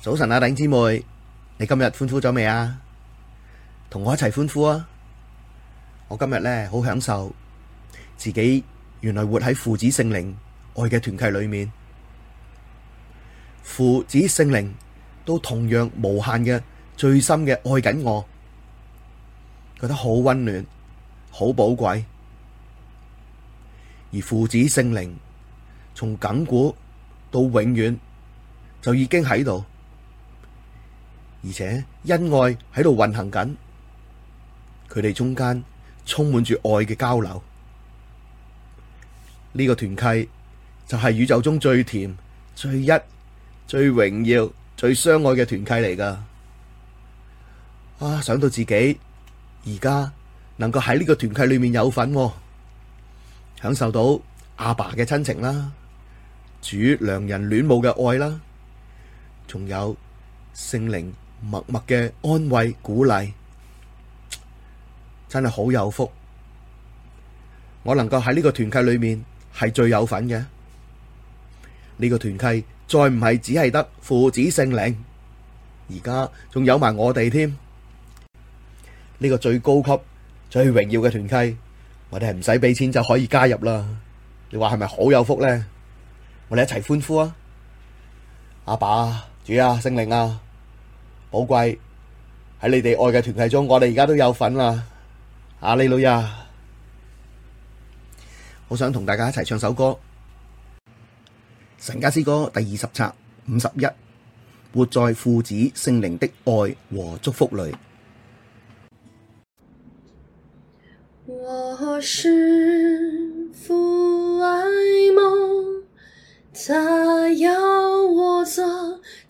早晨啊，弟兄姊妹，你今日歡呼咗未啊？同我一齊歡呼啊！我今日咧好享受自己原來活喺父子聖靈愛嘅團契裏面，父子聖靈都同樣無限嘅最深嘅愛緊我，覺得好溫暖，好寶貴。而父子聖靈從亙古到永遠就已經喺度。而且恩愛喺度運行緊，佢哋中間充滿住愛嘅交流。呢、這個團契就係宇宙中最甜、最一、最榮耀、最相愛嘅團契嚟噶啊，想到自己而家能夠喺呢個團契裏面有份、啊，享受到阿爸嘅親情啦，主良人戀慕嘅愛啦，仲有聖靈默默嘅安慰、鼓勵，真係好有福。我能夠喺呢個團契裏面係最有份嘅。呢個團契，再唔係只係得父子聖靈，而家仲有埋我哋添。呢個最高級、最榮耀嘅團契，我哋係唔使俾錢就可以加入啦。你話係咪好有福呢？我哋一齊歡呼啊！阿爸、主啊、聖靈啊！寶貴喺你哋愛嘅團體中，我哋而家都有份啦！阿利路亞，好 想同大家一齊唱首歌，《神家詩歌》第二十冊五十一，活在父子聖靈的愛和祝福裡。我是父愛夢，他要我做。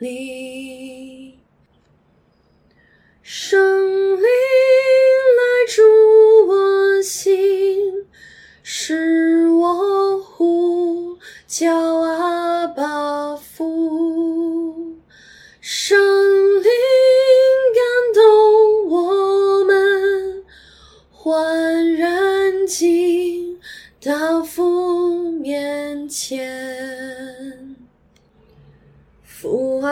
你聖靈來住我心，使我呼叫阿爸父。聖靈感動我們，歡然進到父面前。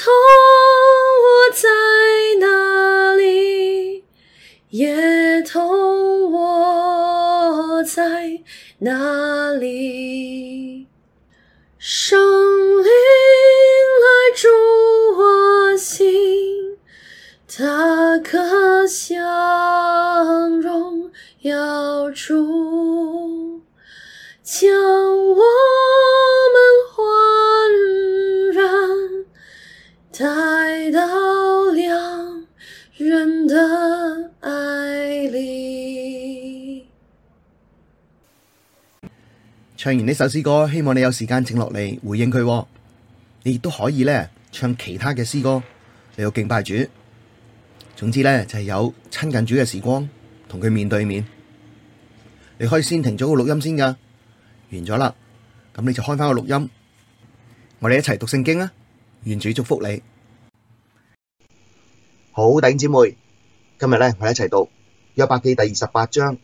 同我在那裡，也同我在那裡。聖靈來住我心，祂渴想榮耀主，將我。唱完呢首詩歌，希望你有時間靜落嚟回應佢。你亦都可以咧唱其他嘅詩歌你到敬拜主。總之咧就係有親近主嘅時光，同佢面對面。你可以先停咗個錄音先噶，完咗啦，咁你就開翻個錄音，我哋一齊讀聖經啊！願主祝福你，好，弟兄姊妹。今日咧，我哋一齊讀約伯記第二十八章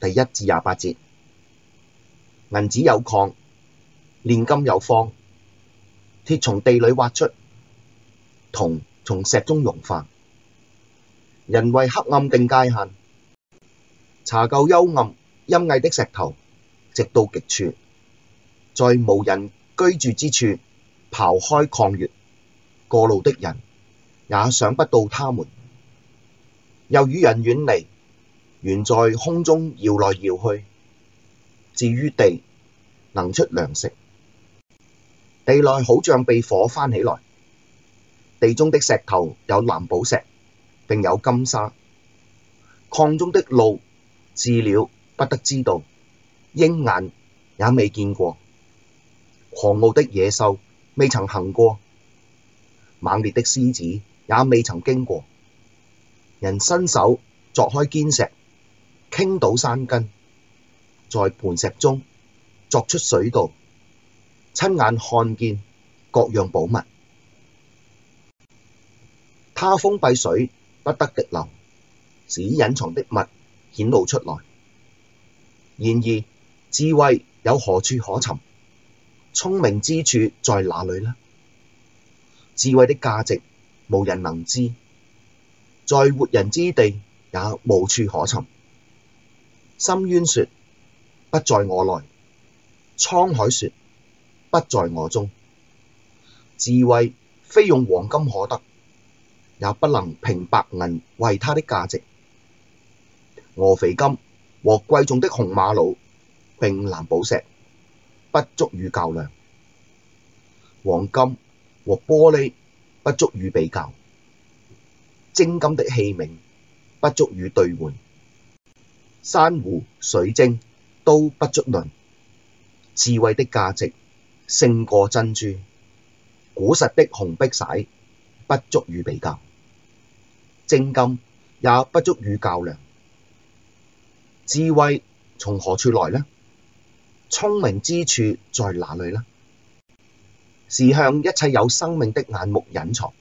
第一至廿八節。銀子有礦，煉金有方，鐵從地裏挖出，銅從石中融化。人為黑暗定界限，查究幽暗陰翳的石頭，直到極處，在無人居住之處刨開礦穴。過路的人也想不到他們，又與人遠離，懸在空中搖來搖去。至於地，能出糧食。地內好像被火翻起來，地中的石頭有藍寶石，並有金沙。礦中的路，鷙鳥不得知道，鷹眼也未見過，狂傲的野獸未曾行過，猛烈的獅子也未曾經過。人伸手鑿開堅石，傾倒山根。在磐石中鑿出水道，親眼看見各樣寶物。他封閉水，不得滴流，使隱藏的物顯露出來。然而智慧有何處可尋？聰明之處在哪裏呢？智慧的價值無人能知，在活人之地也無處可尋。深淵說。不在我內，滄海說，不在我中。智慧非用黃金可得，也不能平白銀為他的價值。俄斐金和貴重的紅瑪瑙，並藍寶石不足與較量，黃金和玻璃不足與比較，精金的器皿不足與兌換，珊瑚、水晶。都不足論，智慧的價值勝過珍珠，古實的紅璧璽不足與比較，精金也不足與較量。智慧從何處來呢？聰明之處在哪裡呢？是向一切有生命的眼目隱藏，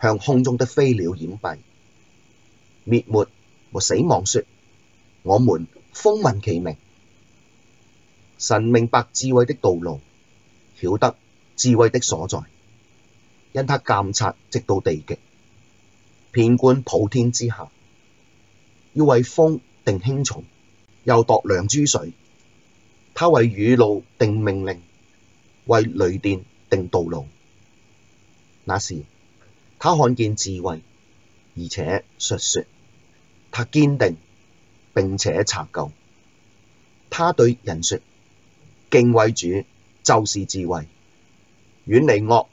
向空中的飛鳥掩蔽，滅沒和死亡說：我們。風聞其名，神明白智慧的道路，曉得智慧的所在，因他鑒察直到地極，遍觀普天之下，要為風定輕重，又度量諸水，他為雨露定命令，為雷電定道路。那時他看見智慧，而且述說，他堅定。並且查究，他對人說：敬畏主就是智慧，遠離惡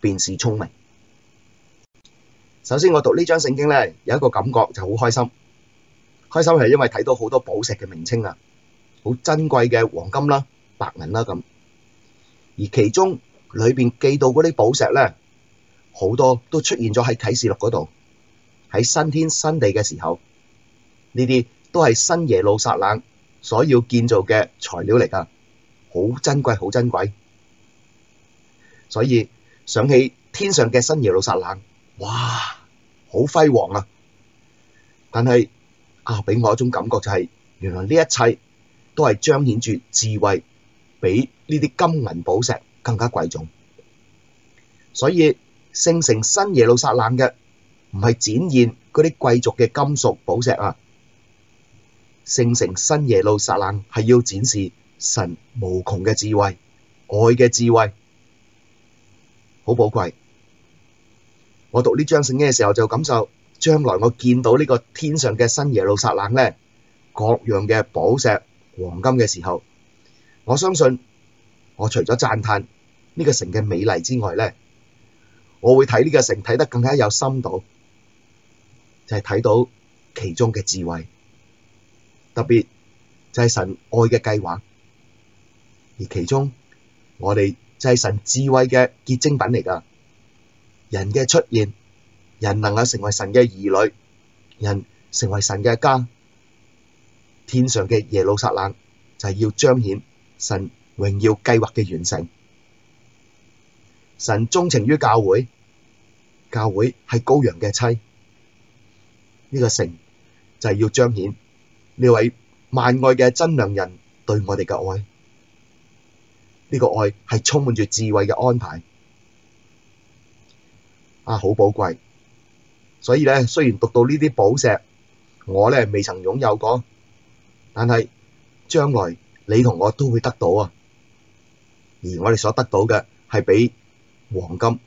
便是聰明。首先，我讀呢張聖經咧，有一個感覺就好開心，開心係因為睇到好多寶石嘅名稱啊，好珍貴嘅黃金啦、白銀啦咁。而其中裏邊記到嗰啲寶石咧，好多都出現咗喺啟示錄嗰度，喺新天新地嘅時候呢啲。都係新耶路撒冷所要建造嘅材料嚟㗎，好珍貴，好珍貴。所以想起天上嘅新耶路撒冷，哇，好輝煌啊！但係啊，畀我一種感覺就係、是、原來呢一切都係彰顯住智慧，比呢啲金銀寶石更加貴重。所以聖城新耶路撒冷嘅唔係展現嗰啲貴族嘅金屬寶石啊。聖城新耶路撒冷係要展示神無窮嘅智慧、愛嘅智慧，好寶貴。我讀呢章聖經嘅時候就感受，將來我見到呢個天上嘅新耶路撒冷咧，各樣嘅寶石、黃金嘅時候，我相信我除咗讚嘆呢個城嘅美麗之外咧，我會睇呢個城睇得更加有深度，就係睇到其中嘅智慧。特別就係、是、神愛嘅計劃，而其中我哋就係神智慧嘅結晶品嚟㗎。人嘅出現，人能夠成為神嘅兒女，人成為神嘅家，天上嘅耶路撒冷就係、是、要彰顯神榮耀計劃嘅完成。神鍾情於教會，教會係羔羊嘅妻，呢、這個城就係要彰顯。呢位萬愛嘅真良人對我哋嘅愛，呢個愛係充滿住智慧嘅安排啊，好寶貴。所以咧，雖然讀到呢啲寶石，我咧未曾擁有過，但係將來你同我都會得到啊。而我哋所得到嘅，係比黃金、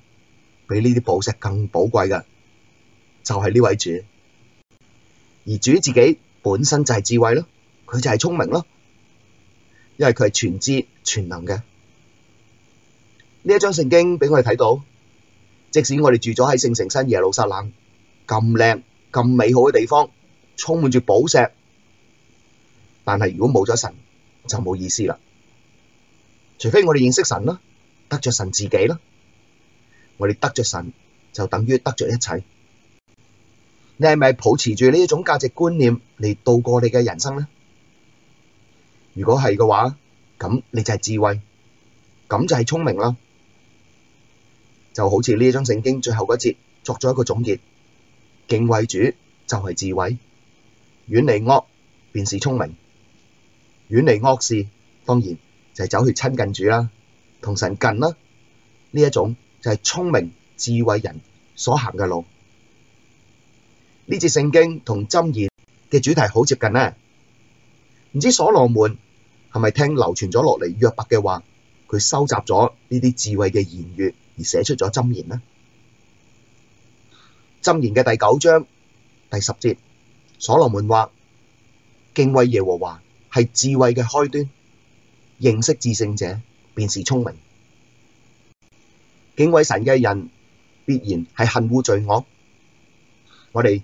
比呢啲寶石更寶貴嘅，就係呢位主。而主自己。本身就係智慧咯，佢就係聰明咯，因為佢係全知全能嘅。呢一章聖經俾我哋睇到，即使我哋住咗喺聖城新耶路撒冷咁靚咁美好嘅地方，充滿住寶石，但係如果冇咗神就冇意思啦。除非我哋認識神啦，得着神自己啦，我哋得着神就等於得着一切。你係咪保持住呢一種價值觀念嚟度過你嘅人生呢？如果係嘅話，咁你就係智慧，咁就係聰明啦。就好似呢一章聖經最後嗰節作咗一個總結：敬畏主就係智慧，遠離惡便是聰明。遠離惡事，當然就係走去親近主啦，同神近啦。呢一種就係聰明智慧人所行嘅路。呢節聖經同箴言嘅主題好接近咧，唔知所羅門係咪聽流傳咗落嚟約伯嘅話，佢收集咗呢啲智慧嘅言語而寫出咗箴言咧？箴言嘅第九章第十節，所羅門話：敬畏耶和華係智慧嘅開端，認識至聖者便是聰明，敬畏神嘅人必然係恨惡罪惡。我哋。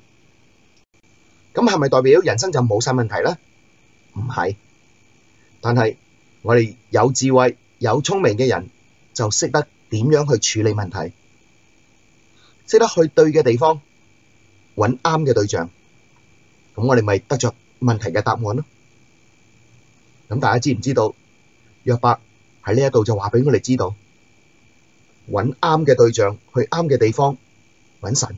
咁係咪代表人生就冇晒問題咧？唔係，但係我哋有智慧、有聰明嘅人就識得點樣去處理問題，識得去對嘅地方揾啱嘅對象，咁我哋咪得著問題嘅答案咯。咁大家知唔知道？約伯喺呢一度就話俾我哋知道，揾啱嘅對象去啱嘅地方揾神。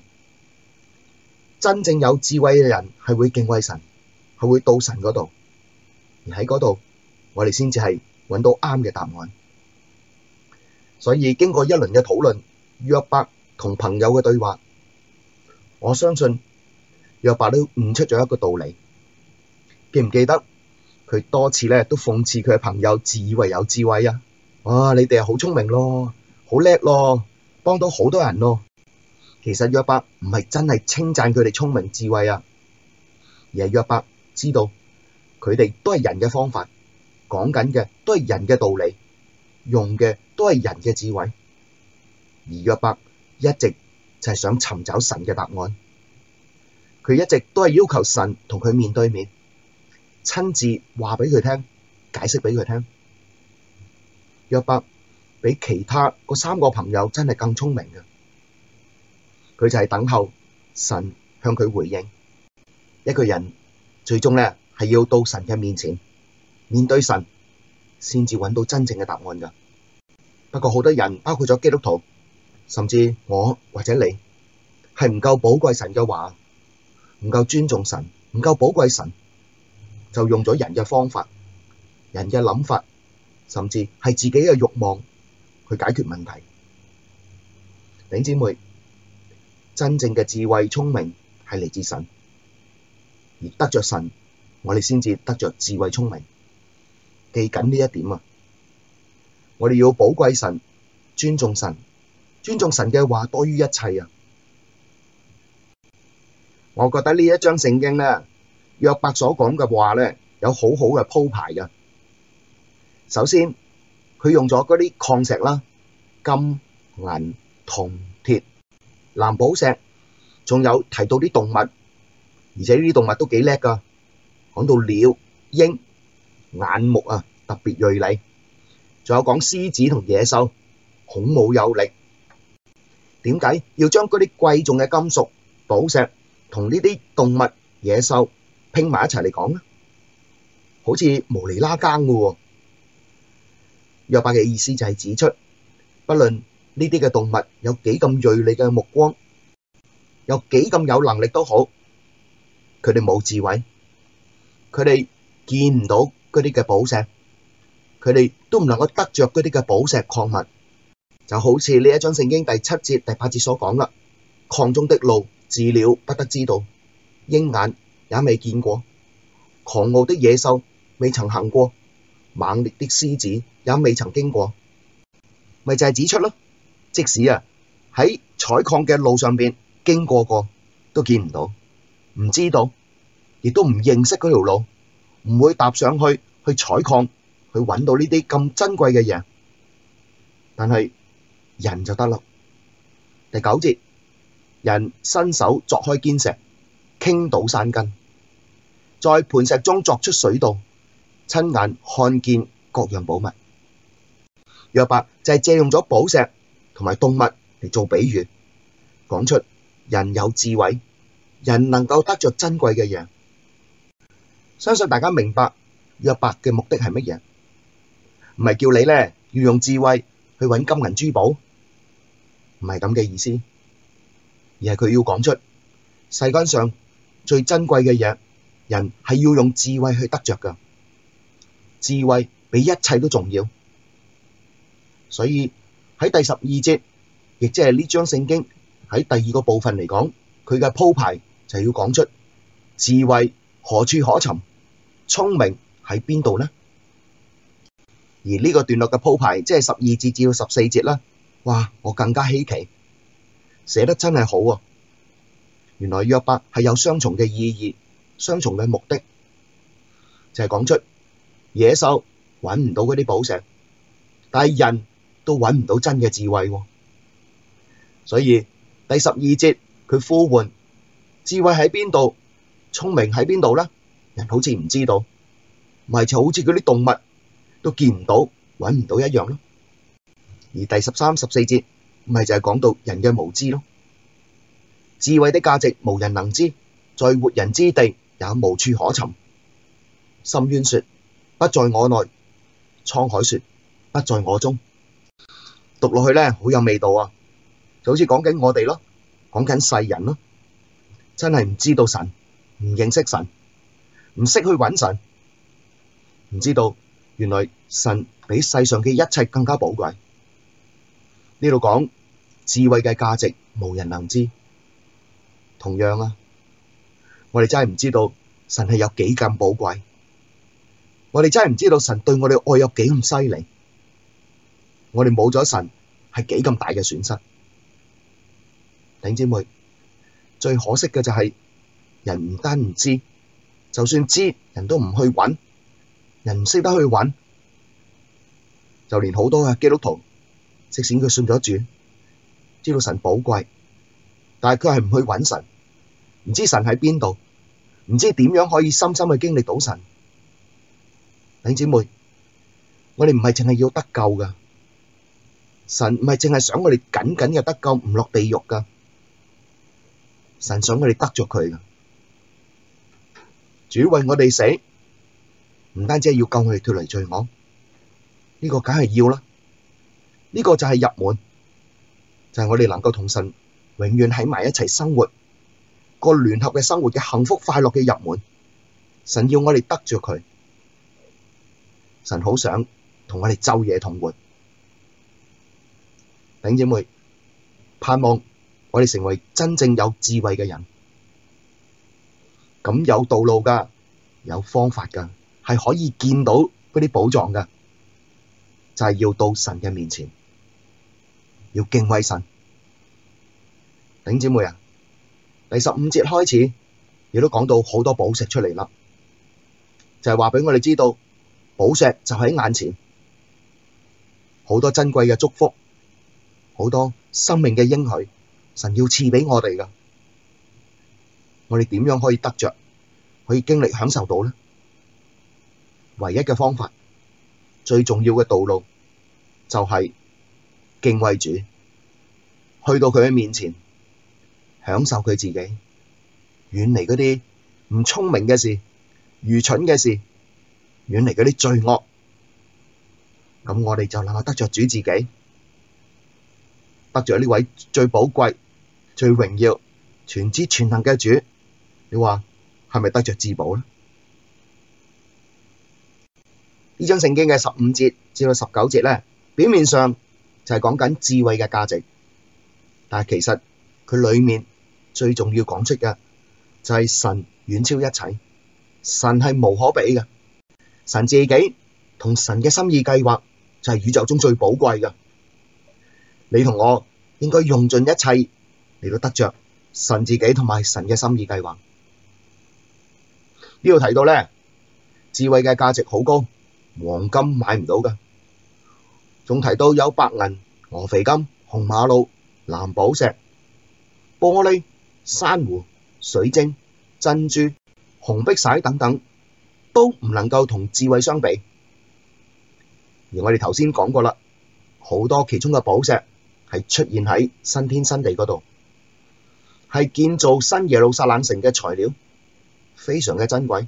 真正有智慧嘅人係會敬畏神，係會到神嗰度，而喺嗰度，我哋先至係揾到啱嘅答案。所以經過一輪嘅討論，約伯同朋友嘅對話，我相信約伯都悟出咗一個道理。記唔記得佢多次咧都諷刺佢嘅朋友自以為有智慧啊？哇！你哋好聰明咯，好叻咯，幫到好多人咯。其實約伯唔係真係稱讚佢哋聰明智慧啊，而係約伯知道佢哋都係人嘅方法，講緊嘅都係人嘅道理，用嘅都係人嘅智慧，而約伯一直就係想尋找神嘅答案，佢一直都係要求神同佢面對面，親自話畀佢聽，解釋畀佢聽。約伯比其他嗰三個朋友真係更聰明嘅啊。佢就係等候神向佢回應。一個人最終呢係要到神嘅面前面對神，先至搵到真正嘅答案㗎。不過好多人，包括咗基督徒，甚至我或者你，係唔夠寶貴神嘅話，唔夠尊重神，唔夠寶貴神，就用咗人嘅方法、人嘅諗法，甚至係自己嘅慾望去解決問題，頂姊妹。真正嘅智慧聰明係嚟自神，而得着神，我哋先至得着智慧聰明。記緊呢一點啊！我哋要寶貴神，尊重神，尊重神嘅話多於一切啊！我覺得呢一章聖經呢，約伯所講嘅話呢，有好好嘅鋪排噶。首先，佢用咗嗰啲礦石啦，金、銀、銅。藍寶石，仲有提到啲動物，而且呢啲動物都幾叻㗎。講到鳥鷹眼目啊，特別鋭利。仲有講獅子同野獸，孔武有力。點解要將嗰啲貴重嘅金屬寶石同呢啲動物野獸拼埋一齊嚟講咧？好似無厘拉更嘅喎。約伯嘅意思就係指出，不論，呢啲嘅動物有幾咁鋭利嘅目光，有幾咁有能力都好，佢哋冇智慧，佢哋見唔到嗰啲嘅寶石，佢哋都唔能夠得着嗰啲嘅寶石礦物，就好似呢一章聖經第七節第八節所講啦，礦中的路，鷙鳥不得知道，鷹眼也未見過，狂傲的野獸未曾行過，猛烈的獅子也未曾經過，咪就係指出咯。即使啊喺採礦嘅路上邊經過過，都見唔到，唔知道，亦都唔認識嗰條路，唔會踏上去去採礦，去揾到呢啲咁珍貴嘅嘢。但係人就得啦。第九節，人伸手鑿開堅石，傾倒山根，在磐石中鑿出水道，親眼看見各樣寶物。約伯就係借用咗寶石。同埋動物嚟做比喻，講出人有智慧，人能夠得着珍貴嘅嘢。相信大家明白約伯嘅目的係乜嘢？唔係叫你呢要用智慧去揾金銀珠寶，唔係咁嘅意思，而係佢要講出世間上最珍貴嘅嘢，人係要用智慧去得着噶，智慧比一切都重要，所以，喺第十二節，亦即係呢章聖經喺第二個部分嚟講，佢嘅鋪排就要講出智慧何處可尋，聰明喺邊度呢？而呢個段落嘅鋪排，即係十二節至到十四節啦。哇！我更加稀奇，寫得真係好喎、啊。原來約伯係有雙重嘅意義，雙重嘅目的，就係、是、講出野獸揾唔到嗰啲寶石，但係人，都揾唔到真嘅智慧，哦，所以第十二節佢呼喚智慧喺邊度，聰明喺邊度呢？人好似唔知道，咪就好似嗰啲動物都見唔到、揾唔到一樣咯。而第十三、十四節咪就係、是、講到人嘅無知咯。智慧嘅價值無人能知，在活人之地也無處可尋。深淵說不在我內，滄海說不在我中。讀落去咧，好有味道啊！就好似講緊我哋咯，講緊世人咯，真係唔知道神，唔認識神，唔識去揾神，唔知道原來神比世上嘅一切更加寶貴。呢度講智慧嘅價值，無人能知。同樣啊，我哋真係唔知道神係有幾咁寶貴，我哋真係唔知道神對我哋愛有幾咁犀利。我哋冇咗神係幾咁大嘅損失，頂姊妹最可惜嘅就係人唔單唔知，就算知人都唔去揾，人唔識得去揾，就連好多嘅基督徒，即使佢信咗主，知道神寶貴，但係佢係唔去揾神，唔知神喺邊度，唔知點樣可以深深去經歷到神。頂姊妹，我哋唔係淨係要得救噶。神唔係淨係想我哋僅僅又得救唔落地獄噶，神想我哋得著佢噶，主為我哋死，唔單止係要救我哋脱離罪惡，呢個梗係要啦，呢個就係入門，就係我哋能夠同神永遠喺埋一齊生活，個聯合嘅生活嘅幸福快樂嘅入門，神要我哋得著佢，神好想同我哋晝夜同活。頂姐妹盼望我哋成為真正有智慧嘅人，咁有道路噶，有方法噶，係可以見到嗰啲寶藏噶，就係要到神嘅面前，要敬畏神。頂姐妹啊，第十五節開始亦都講到好多寶石出嚟啦，就係話畀我哋知道，寶石就喺眼前，好多珍貴嘅祝福。好多生命嘅應許，神要賜畀我哋噶，我哋點樣可以得着，可以經歷享受到呢？唯一嘅方法，最重要嘅道路就係敬畏主，去到佢嘅面前，享受佢自己，遠離嗰啲唔聰明嘅事、愚蠢嘅事，遠離嗰啲罪惡，咁我哋就能夠得着主自己。得著呢位最寶貴、最榮耀、全知全能嘅主，你話係咪得著至寶咧？呢章聖經嘅十五節至到十九節呢，表面上就係講緊智慧嘅價值，但係其實佢裏面最重要講出嘅就係神遠超一切，神係無可比嘅，神自己同神嘅心意計劃就係宇宙中最寶貴嘅。你同我應該用盡一切嚟到得着神自己同埋神嘅心意計劃。呢度提到咧，智慧嘅價值好高，黃金買唔到㗎。仲提到有白銀、俄斐金、紅瑪瑙、藍寶石、玻璃、珊瑚、水晶、珍珠、紅璧璽等等，都唔能夠同智慧相比。而我哋頭先講過啦，好多其中嘅寶石。係出現喺新天新地嗰度，係建造新耶路撒冷城嘅材料，非常嘅珍貴。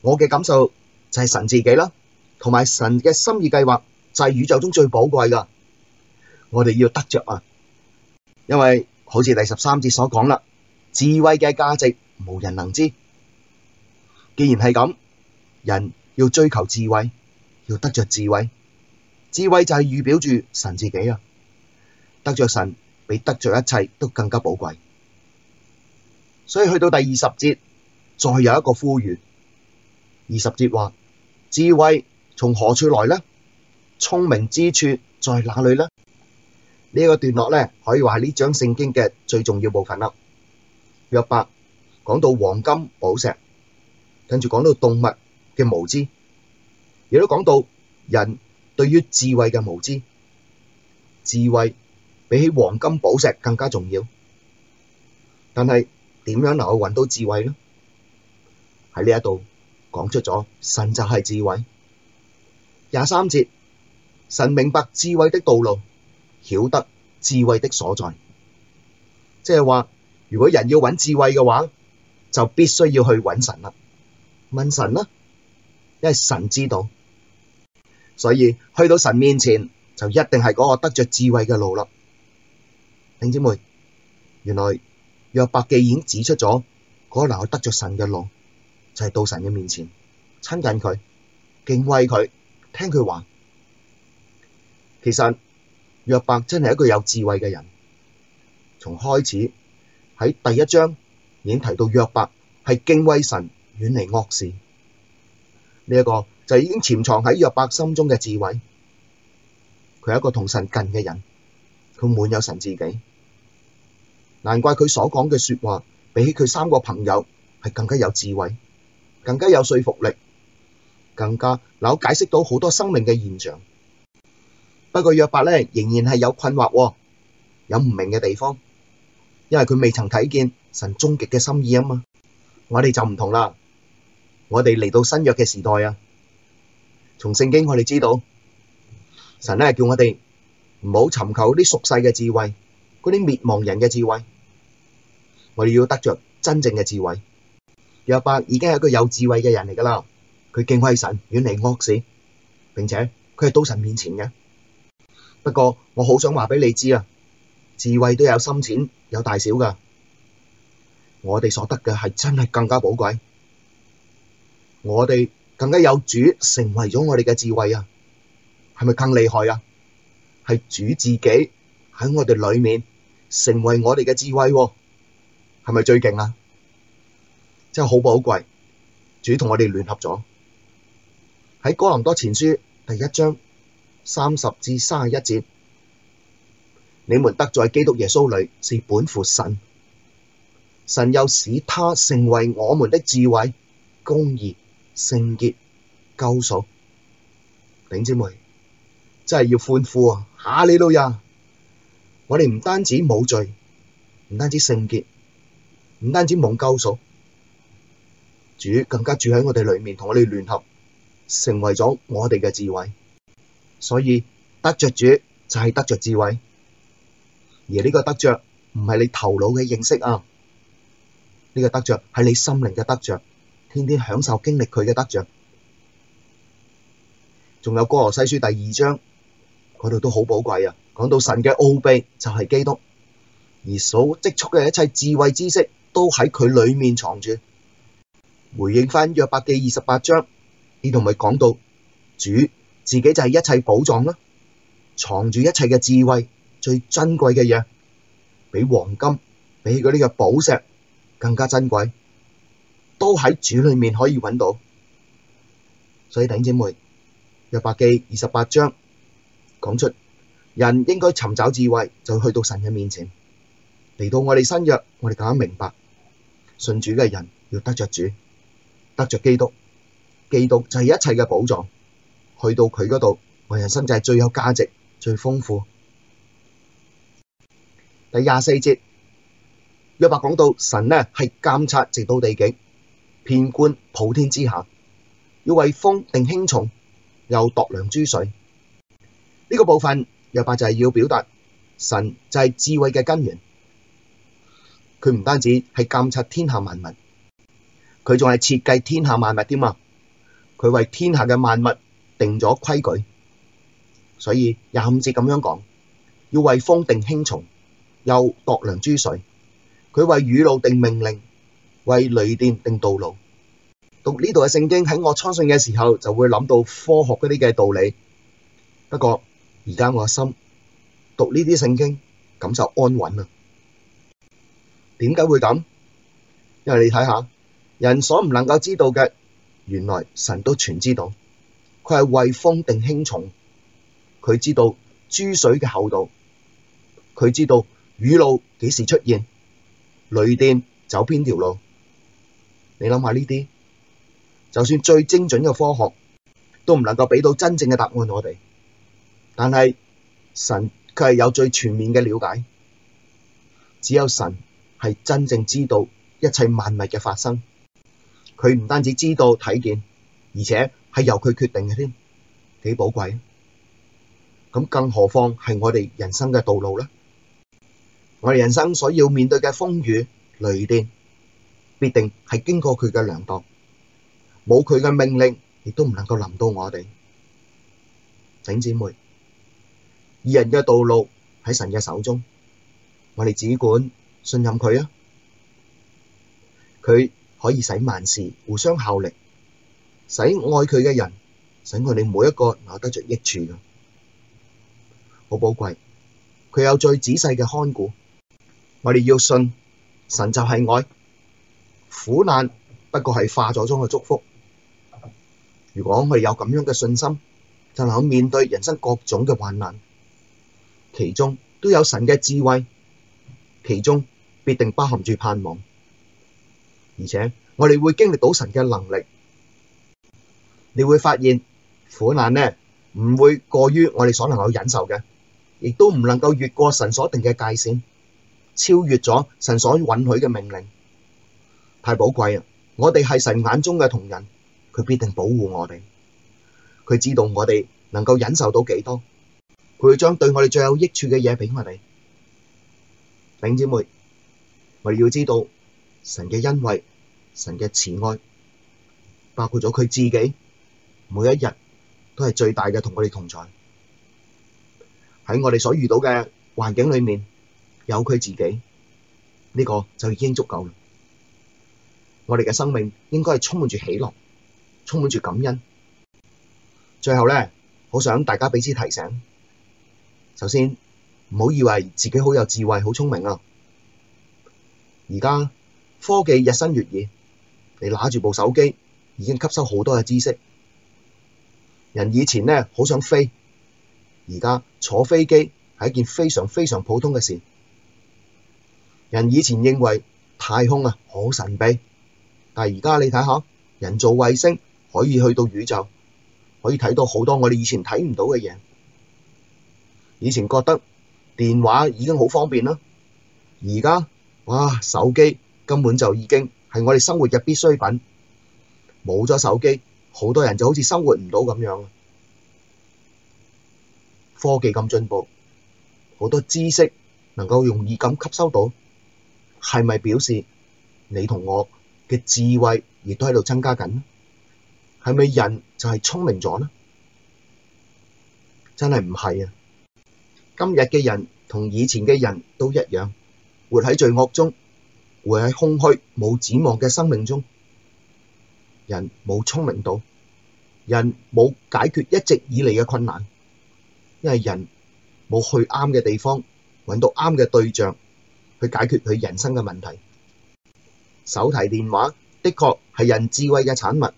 我嘅感受就係神自己啦，同埋神嘅心意計劃就係宇宙中最寶貴噶。我哋要得着啊，因為好似第十三節所講啦，智慧嘅價值無人能知。既然係咁，人要追求智慧，要得着智慧，智慧就係預表住神自己啊。得著神比得著一切都更加寶貴，所以去到第二十節再有一個呼籲。二十節話：智慧從何處來呢？聰明之處在哪裡呢？呢個段落咧可以話係呢章聖經嘅最重要部分啦。約伯講到黃金寶石，跟住講到動物嘅無知，亦都講到人對於智慧嘅無知，智慧。比起黃金寶石更加重要，但係點樣能夠搵到智慧呢？喺呢一度講出咗，神就係智慧。廿三節，神明白智慧的道路，曉得智慧的所在，即係話，如果人要搵智慧嘅話，就必須要去搵神啦，問神啦，因為神知道，所以去到神面前就一定係嗰個得着智慧嘅路啦。弟兄姊妹，原來約伯既然指出咗嗰個能去得着神嘅路，就係、是、到神嘅面前親近佢、敬畏佢、聽佢話。其實約伯真係一個有智慧嘅人，從開始喺第一章已經提到約伯係敬畏神、遠離惡事，呢、這、一個就已經潛藏喺約伯心中嘅智慧。佢係一個同神近嘅人，佢滿有神自己。難怪佢所講嘅說話比起佢三個朋友係更加有智慧，更加有說服力，更加能解釋到好多生命嘅現象。不過約伯咧仍然係有困惑，有唔明嘅地方，因為佢未曾睇見神終極嘅心意啊嘛。我哋就唔同啦，我哋嚟到新約嘅時代啊，從聖經我哋知道神咧叫我哋唔好尋求啲俗世嘅智慧，嗰啲滅亡人嘅智慧。我哋要得着真正嘅智慧。約伯已經係一個有智慧嘅人嚟噶啦，佢敬畏神，遠離惡事，並且佢係都神面前嘅。不過我好想話畀你知啊，智慧都有深淺、有大小噶。我哋所得嘅係真係更加寶貴，我哋更加有主成為咗我哋嘅智慧啊，係咪更厲害啊？係主自己喺我哋裏面成為我哋嘅智慧。係咪最勁啊！真係好寶貴，主同我哋聯合咗喺，哥林多前書第一章三十至三十一節，你們得在基督耶穌裏是本乎神，神又使他成為我們的智慧、公義、聖潔、救贖。頂姐妹真係要歡呼啊！哈利路亞！我哋唔單止冇罪，唔單止聖潔。唔單止望救贖，主更加住喺我哋裏面，同我哋聯合，成為咗我哋嘅智慧。所以得着主就係得着智慧。而呢個得着唔係你頭腦嘅認識啊，呢個得着係你心靈嘅得着，天天享受經歷佢嘅得着。仲有哥羅西書第二章，嗰度都好寶貴啊，講到神嘅奧秘就係基督，而所積蓄嘅一切智慧知識。都喺佢裏面藏住，回應翻約伯記二十八章，呢度咪講到主自己就係一切寶藏啦，藏住一切嘅智慧，最珍貴嘅嘢，比黃金比嗰啲嘅寶石更加珍貴，都喺主裏面可以揾到。所以弟兄姊妹，約伯記二十八章講出，人應該尋找智慧，就去到神嘅面前，嚟到我哋新約，我哋大家明白。信主嘅人要得着主，得着基督，基督就係一切嘅寶藏。去到佢嗰度，我人生就係最有價值、最豐富。第廿四節，約伯講到神咧係監察直到地極，遍觀普天之下，要為風定輕重，又度量諸水。呢、這個部分約伯就係要表達神就係智慧嘅根源。佢唔單止係監察天下萬物，佢仲係設計天下萬物添嘛，佢為天下嘅萬物定咗規矩，所以廿五節咁樣講，要為風定輕重，又度量諸水；佢為雨露定命令，為雷電定道路。讀呢度嘅聖經喺我初信嘅時候就會諗到科學嗰啲嘅道理，不過而家我心讀呢啲聖經咁就安穩啦。點解會咁？因為你睇下，人所唔能夠知道嘅，原來神都全知道。佢係為風定輕重，佢知道諸水嘅厚度，佢知道雨露幾時出現，雷電走邊條路。你諗下呢啲，就算最精準嘅科學都唔能夠畀到真正嘅答案我哋，但係神佢係有最全面嘅了解，只有神。係真正知道一切萬物嘅發生，佢唔單止知道睇見，而且係由佢決定嘅添，幾寶貴啊！咁更何況係我哋人生嘅道路呢？我哋人生所要面對嘅風雨雷電，必定係經過佢嘅良度，冇佢嘅命令，亦都唔能夠臨到我哋。整姊妹，二人嘅道路喺神嘅手中，我哋只管。信任佢啊！佢可以使萬事互相效力，使愛佢嘅人，使我哋每一個拿得着益處嘅，好寶貴。佢有最仔細嘅看顧，我哋要信神就係愛，苦難不過係化咗妝嘅祝福。如果我哋有咁樣嘅信心，就能夠面對人生各種嘅患難，其中都有神嘅智慧，其中。必定包含住盼望，而且我哋會經歷到神嘅能力。你會發現苦難呢，唔會過於我哋所能夠忍受嘅，亦都唔能夠越過神所定嘅界線，超越咗神所允許嘅命令。太寶貴啦！我哋係神眼中嘅同人，佢必定保護我哋。佢知道我哋能夠忍受到幾多，佢會將對我哋最有益處嘅嘢畀我哋，弟兄姊妹。我哋要知道神嘅恩惠、神嘅慈愛，包括咗佢自己，每一日都係最大嘅同我哋同在，喺我哋所遇到嘅環境裏面有佢自己，呢個就已經足夠啦。我哋嘅生命應該係充滿住喜樂、充滿住感恩。最後咧，好想大家畀啲提醒，首先唔好以為自己好有智慧、好聰明啊。而家科技日新月異，你拿住部手機已經吸收好多嘅知識。人以前呢，好想飛，而家坐飛機係一件非常非常普通嘅事。人以前認為太空啊好神秘，但係而家你睇下，人造衛星可以去到宇宙，可以睇到好多我哋以前睇唔到嘅嘢。以前覺得電話已經好方便啦，而家。哇！手機根本就已經係我哋生活嘅必需品，冇咗手機，好多人就好似生活唔到咁樣。科技咁進步，好多知識能夠容易咁吸收到，係咪表示你同我嘅智慧亦都喺度增加緊？係咪人就係聰明咗呢？真係唔係啊！今日嘅人同以前嘅人都一樣。活喺罪惡中，活喺空虛、冇展望嘅生命中，人冇聰明到，人冇解決一直以嚟嘅困難，因為人冇去啱嘅地方，搵到啱嘅對象去解決佢人生嘅問題。手提電話的確係人智慧嘅產物，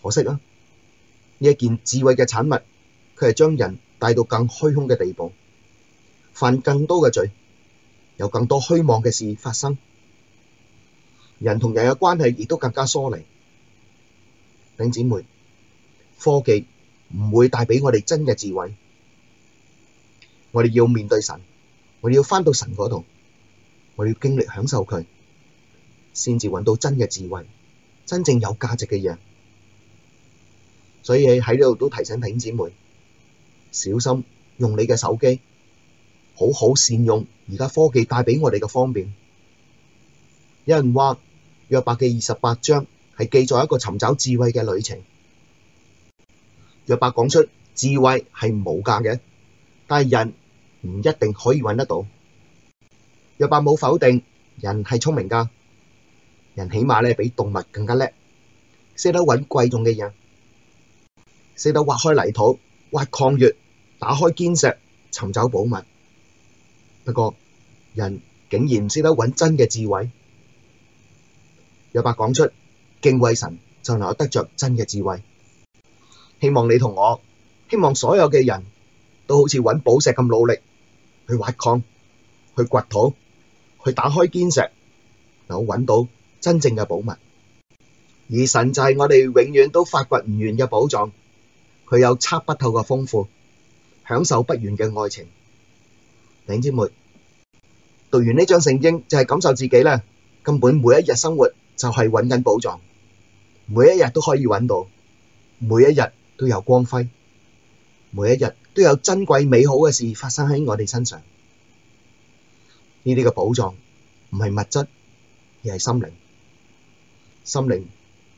可惜啊，呢一件智慧嘅產物，佢係將人帶到更虛空嘅地步，犯更多嘅罪。有更多虛妄嘅事發生，人同人嘅關係亦都更加疏離。弟兄姊妹，科技唔會帶畀我哋真嘅智慧，我哋要面對神，我哋要翻到神嗰度，我哋要經歷享受佢，先至揾到真嘅智慧，真正有價值嘅嘢。所以喺呢度都提醒弟兄姊妹，小心用你嘅手機。好好善用而家科技帶畀我哋嘅方便。有人話《約伯記》二十八章係記載一個尋找智慧嘅旅程。約伯講出智慧係無價嘅，但係人唔一定可以揾得到。約伯冇否定人係聰明㗎，人起碼咧比動物更加叻，識得揾貴重嘅嘢，識得挖開泥土、挖礦穴、打開堅石，尋找寶物。一個人竟然唔識得揾真嘅智慧，約伯講出敬畏神就能夠得着真嘅智慧。希望你同我，希望所有嘅人都好似揾寶石咁努力去挖礦、去掘土、去打開堅石，能夠揾到真正嘅寶物。而神就係我哋永遠都發掘唔完嘅寶藏，佢有測不透嘅豐富，享受不完嘅愛情。頂之末。讀完呢張聖經就係、是、感受自己咧，根本每一日生活就係揾緊寶藏，每一日都可以揾到，每一日都有光輝，每一日都有珍貴美好嘅事發生喺我哋身上。呢啲嘅寶藏唔係物質，而係心靈。心靈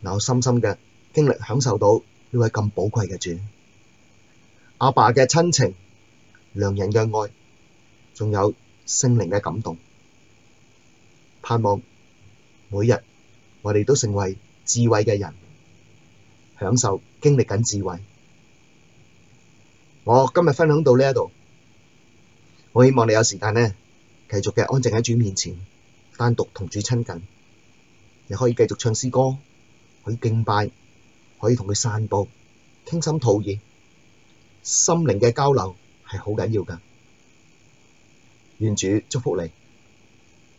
能夠深深嘅經歷享受到呢位咁寶貴嘅主，阿爸嘅親情、良人嘅愛，仲有。聖靈嘅感動，盼望每日我哋都成為智慧嘅人，享受經歷緊智慧。我今日分享到呢一度，我希望你有時間呢，繼續嘅安靜喺主面前，單獨同主親近，你可以繼續唱詩歌，可以敬拜，可以同佢散步、傾心吐意，心靈嘅交流係好緊要㗎。願主祝福你。